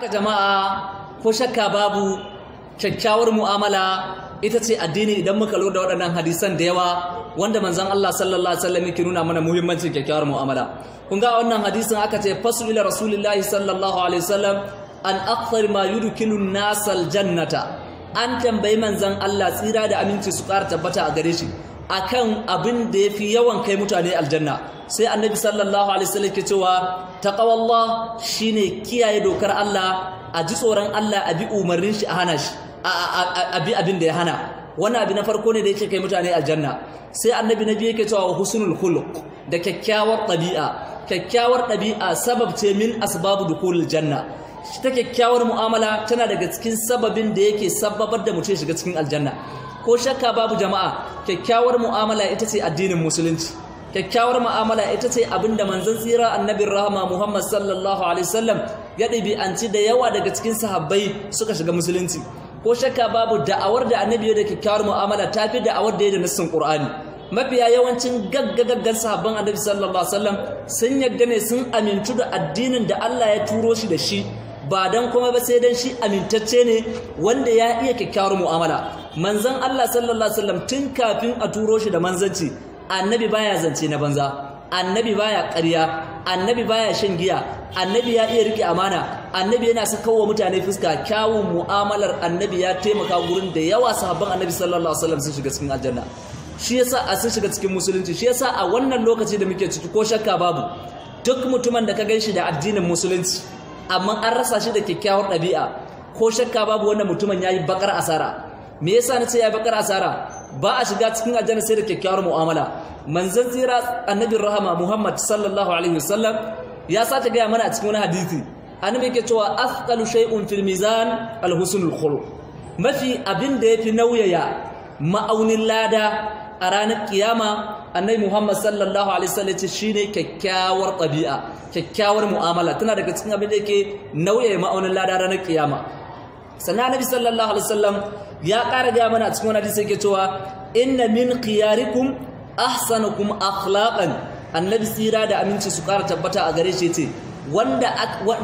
haka jama'a ko shakka babu kyakkyawar mu'amala ita ce addini idan muka lura da waɗannan hadisan da yawa wanda manzon Allah sallallahu alaihi wasallam yake nuna mana muhimmancin kyakkyawar mu'amala kun ga wannan hadisin aka ce fasul ila rasulillahi sallallahu alaihi wasallam an akthar ma yudkinu nasal jannata an tambayi manzon Allah tsira da aminci su ƙara tabbata a gare shi akan abin da yafi yawan kai mutane aljanna sai annabi sallallahu alaihi wasallam ke cewa taqwallah shine kiyaye dokar Allah a ji tsoron Allah a bi umarnin shi a hana shi a bi abin da ya hana wannan abu na farko ne da yake kai mutane aljanna sai annabi na biyu yake cewa husnul khuluq da kyakkyawar ɗabi'a kyakkyawar ɗabi'a sabab ce min asbabu dukulul janna ta kyakkyawar mu'amala tana daga cikin sababin da yake sababar da mutum shiga cikin aljanna ko shakka babu jama'a kyakkyawar mu'amala ita ce addinin musulunci kyakkyawar mu'amala ita ce abinda manzon tsira annabin rahama Muhammad sallallahu alaihi wasallam ya ɗabi'anci da yawa daga cikin sahabbai suka shiga musulunci ko shakka babu da'awar da annabi da kyakkyawar mu'amala ta fi da'awar da ya da nassin Qur'ani mafiya yawancin gaggagaggan sahabban annabi sallallahu alaihi wasallam sun yadda ne sun amintu da addinin da Allah ya turo shi da shi ba dan kuma ba sai dan shi amintacce ne wanda ya iya kyakkyawar mu'amala manzon Allah sallallahu alaihi wasallam tun kafin a turo shi da manzanci annabi baya zance na banza annabi baya ƙarya annabi baya shan giya annabi ya iya riƙe amana annabi yana wa mutane fuska kyawun mu'amalar annabi ya taimaka gurin da yawa sahabban annabi sallallahu alaihi wasallam sun shiga cikin aljanna shi yasa a sun shiga cikin musulunci shi yasa a wannan lokaci da muke ciki ko shakka babu duk mutumin da ka gan shi da addinin musulunci amma an rasa shi da kyakkyawar ɗabi'a ko shakka babu wannan mutumin ya yi baƙar asara me yasa nace ya bakar asara ba a shiga cikin aljanna sai da kyakkyawar mu'amala manzon tsira annabi rahama muhammad sallallahu alaihi wasallam ya sace gaya mana a cikin wani hadisi annabi yake cewa asqalu shay'un fil mizan al husnul khuluq mafi abin da yafi nauyaya ma'aunin lada a ranar kiyama annabi muhammad sallallahu alaihi wasallam ce shine kyakkyawar ɗabi'a kyakkyawar mu'amala tana daga cikin abin da yake nauyaya ma'aunin lada ranar kiyama sannan annabi sallallahu alaihi wasallam ya ƙara gaya mana a cikin wani hadisi yake cewa inna min khiyarikum ahsanukum akhlaqan annabi tsira da aminci su ƙara tabbata a gare shi yace wanda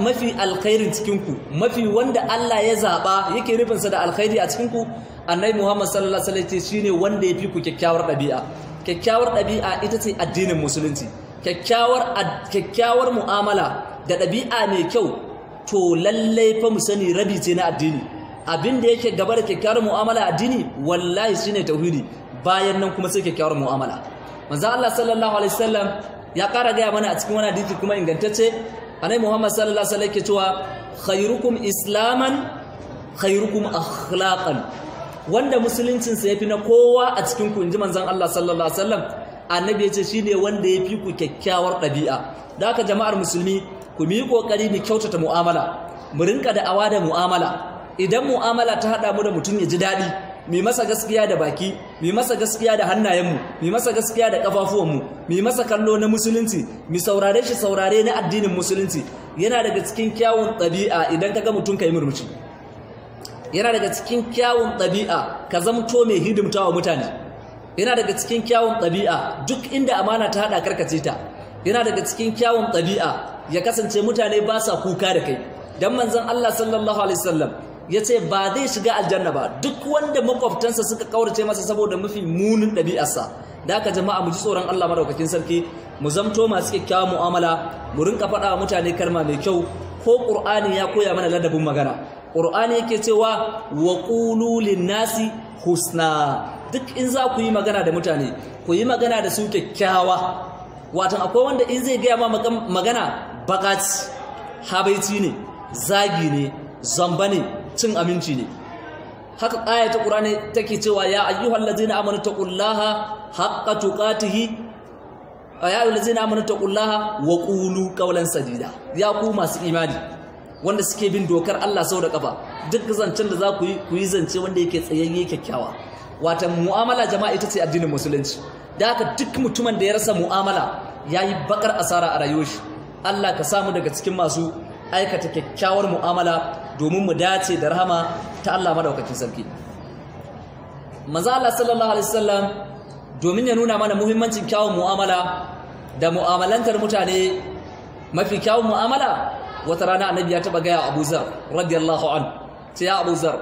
mafi alkhairin cikin mafi wanda Allah ya zaɓa, yake nufin da alkhairi a cikin ku annabi Muhammad sallallahu alaihi wasallam shine wanda yafi ku kyakkyawar ɗabi'a kyakkyawar ɗabi'a ita ce addinin musulunci kyakkyawar mu'amala da ɗabi'a mai kyau to lallai fa mu sani rabi ce na addini abin da yake gaba da kyakkyawar mu'amala addini wallahi shine tauhidi bayan nan kuma sai kyakkyawar mu'amala manzo Allah sallallahu alaihi wasallam ya kara gaya mana a cikin wani hadisi kuma ingantacce annabi Muhammad sallallahu alaihi wasallam yake cewa khairukum islaman khairukum akhlaqan wanda musuluncinsa yafi na kowa a cikin ku inji manzon Allah sallallahu alaihi wasallam annabi yace shine wanda yafi ku kyakkyawar dabi'a da haka jama'ar musulmi ku mi kokari mu kyautata mu'amala mu rinka da'awa da mu'amala idan mu'amala ta haɗa mu da mutum ya ji daɗi mai masa gaskiya da baki mai masa gaskiya da hannayenmu mai masa gaskiya da ƙafafuwanmu mai masa kallo na musulunci mai saurare shi saurare na addinin musulunci yana daga cikin kyawun ɗabi'a idan ka ga mutum ka yi murmushi yana daga cikin kyawun ɗabi'a ka zamto mai hidimta wa mutane yana daga cikin kyawun ɗabi'a duk inda amana ta haɗa karkace ta yana daga cikin kyawun ɗabi'a ya kasance mutane ba sa kuka da kai dan manzon Allah sallallahu alaihi wasallam ya ce ba zai shiga aljanna ba duk wanda makwabtansa suka kaurace masa saboda mafi munin ɗabi'arsa da aka jama'a mu ji tsoron Allah madaukakin sarki mu zamto masu kyakkyawan mu'amala mu rinka faɗa wa mutane kalma mai kyau ko ƙur'ani ya koya mana ladabin magana ƙur'ani yake cewa wa qulu nasi husna duk in za ku yi magana da mutane ku yi magana da su kyakkyawa watan akwai wanda in zai gaya ma magana bakat habaici ne zagi ne zamba ne cin aminci ne haka ƙaya ta ne take cewa ya ayyuhal ladzina amanu taqullaha haqqa a ya wa ƙulu qawlan sadida ya ku masu imani wanda suke bin dokar Allah sau da ƙafa duk zancen da za ku yi ku yi zance wanda yake tsayayye kyakkyawa wata mu'amala jama'a ita ce addinin musulunci da haka duk mutumin da ya rasa mu'amala ya yi baƙar asara a rayuwar shi Allah ka samu daga cikin masu aikata kyakkyawar mu'amala domin mu dace da rahama ta Allah madaukakin sarki manzo Allah sallallahu alaihi wasallam domin ya nuna mana muhimmancin kyawun mu'amala da mu'amalantar mutane mafi kyawun mu'amala wata rana annabi ya taba gaya Abu Zar radiyallahu an ce ya Abu Zar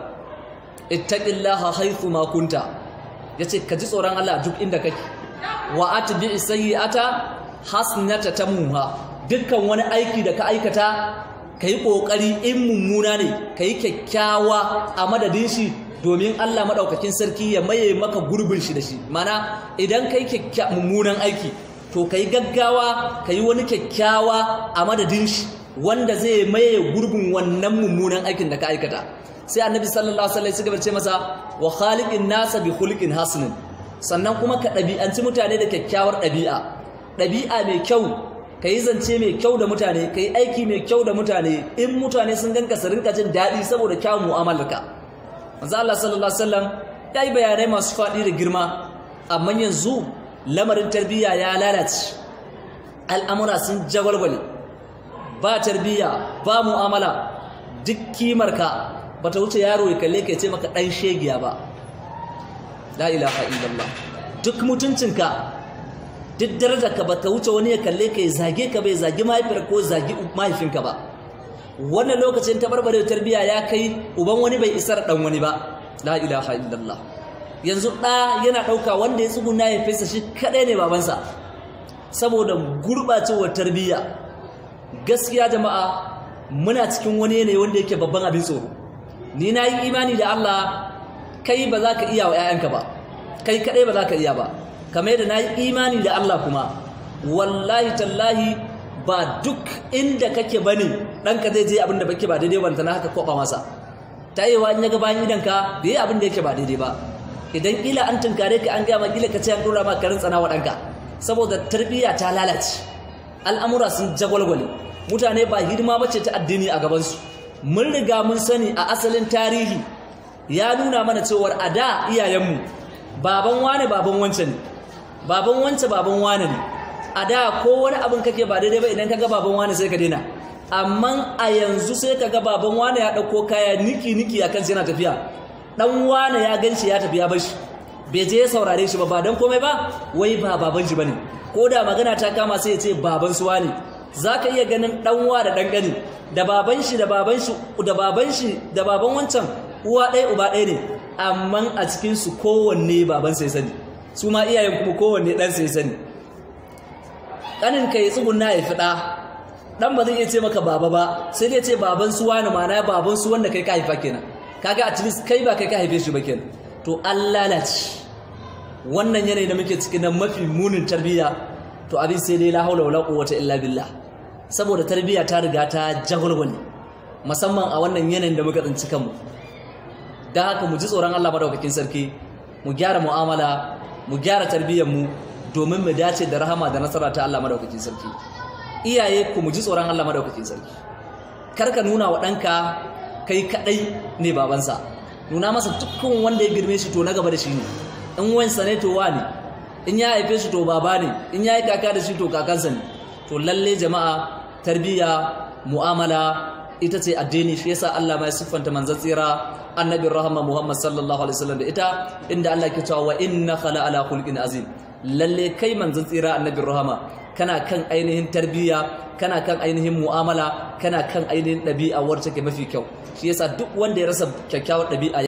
ittaqillaha haythu ma kunta yace ka ji tsoron Allah duk inda kake wa atbi sayyi'ata hasnata tamuha dukkan wani aiki da ka aikata ka yi ƙoƙari in mummuna ne ka yi kyakkyawa a madadin shi domin Allah maɗaukakin sarki ya maye maka gurbin shi da shi mana idan ka yi mummunan aiki to ka yi gaggawa ka yi wani kyakkyawa a madadin shi wanda zai maye gurbin wannan mummunan aikin da ka aikata sai annabi sallallahu alaihi wasallam ce masa wa khaliqin nasa bi khuluqin hasanin sannan kuma ka ɗabi'anci mutane da kyakkyawar ɗabi'a ɗabi'a mai kyau ka yi zance mai kyau da mutane ka yi aiki mai kyau da mutane in mutane sun ganka su rinka jin daɗi saboda kyawun mu'amalarka manzo Allah sallallahu alaihi wasallam ya yi bayanai masu faɗi da girma amma yanzu lamarin tarbiyya ya lalace al'amura sun jawalwale ba tarbiyya ba mu'amala duk kimarka ba ta wuce yaro ya kalle ka ce maka ɗan shegiya ba la ilaha illallah duk mutuncinka duk daraja ka ba bata wuce wani ya kalle ka ya zage ka bai zagi mahaifiyar ko zagi mahaifinka ba wannan lokacin barbare tarbiyya ya kai uban wani bai isar dan wani ba la ilaha illallah yanzu ɗa yana ɗauka wanda ya tsuguna ya fesa shi kadai ne babansa saboda gurɓacewar tarbiyya gaskiya jama'a muna cikin wani yanayi wanda yake babban abin tsoro ni na yi imani da Allah kai ba za ka iya wa 'ya'yanka ba kai kadai ba za ka iya ba kame da na yi imani da Allah kuma wallahi tallahi ba duk inda kake bane ɗanka zai je abin da bake ba daidai banta na haka kwaɓa masa ta yi wa ya ga bayan idanka bai yi abin da yake ba daidai ba idan ƙila an tunkare ka an gaya ma ƙila ka ce an ɗora ma karin tsana wa ɗanka saboda tarbiyya ta lalace al'amura sun jagwalgwale mutane ba hidima ce ta addini a gabansu mun riga mun sani a asalin tarihi ya nuna mana cewar a da iyayenmu baban wane baban wancan ne baban wance baban wane ne a da ko wani abin kake ba daidai ba idan ka ga baban wane sai ka daina amma a yanzu sai ka ga baban wane ya ɗauko kaya niki niki a kansa yana tafiya dan wane ya gan ya tafi bashi bai je ya saurare shi ba ba dan komai ba wai ba baban shi bane ko da magana ta kama sai ya ce baban su wane zaka iya ganin dan wa da dan gani da baban shi da baban shi da baban shi da baban wancan uwa ɗaya uba ɗaya ne amma a cikin su kowanne baban sai sani su ma iyayen kuma kowanne ɗansa ya sani ƙaninka ya tsugunna ya fi ɗa dan ba zai iya ce maka baba ba sai dai ce baban su wani ma'ana baban su wanda kai ka haifa kenan kaga a cikin kai ba kai ka haife shi ba kenan to an lalace wannan yanayi da muke ciki na mafi munin tarbiyya to abin sai dai la haula wala quwwata illa billah saboda tarbiyya ta riga ta ne, musamman a wannan yanayin da muka tsinci kanmu dan haka mu ji tsoron Allah madaukakin sarki mu gyara mu'amala mu gyara tarbiyyar mu domin mu dace da rahama da nasara ta Allah madaukakin sarki iyaye ku mu ji tsoron Allah madaukakin sarki kar ka nuna wa ɗanka kai kaɗai ne babansa nuna masa dukkan wanda ya girme shi to na gaba da shi ne in wansa ne to wa in ya haife shi to baba ne in ya yi kaka da shi to kakansa ne to lalle jama'a tarbiyya mu'amala ita ce addini shi yasa Allah mai siffanta manzon tsira annabi rahama Muhammad sallallahu alaihi wasallam da ita inda Allah ke cewa wa na khala ala khulqin azim lalle kai manzon tsira annabi rahama kana kan ainihin tarbiyya kana kan ainihin mu'amala kana kan ainihin ɗabi'a wacce ke mafi kyau shi yasa duk wanda ya rasa kyakkyawar ɗabi'a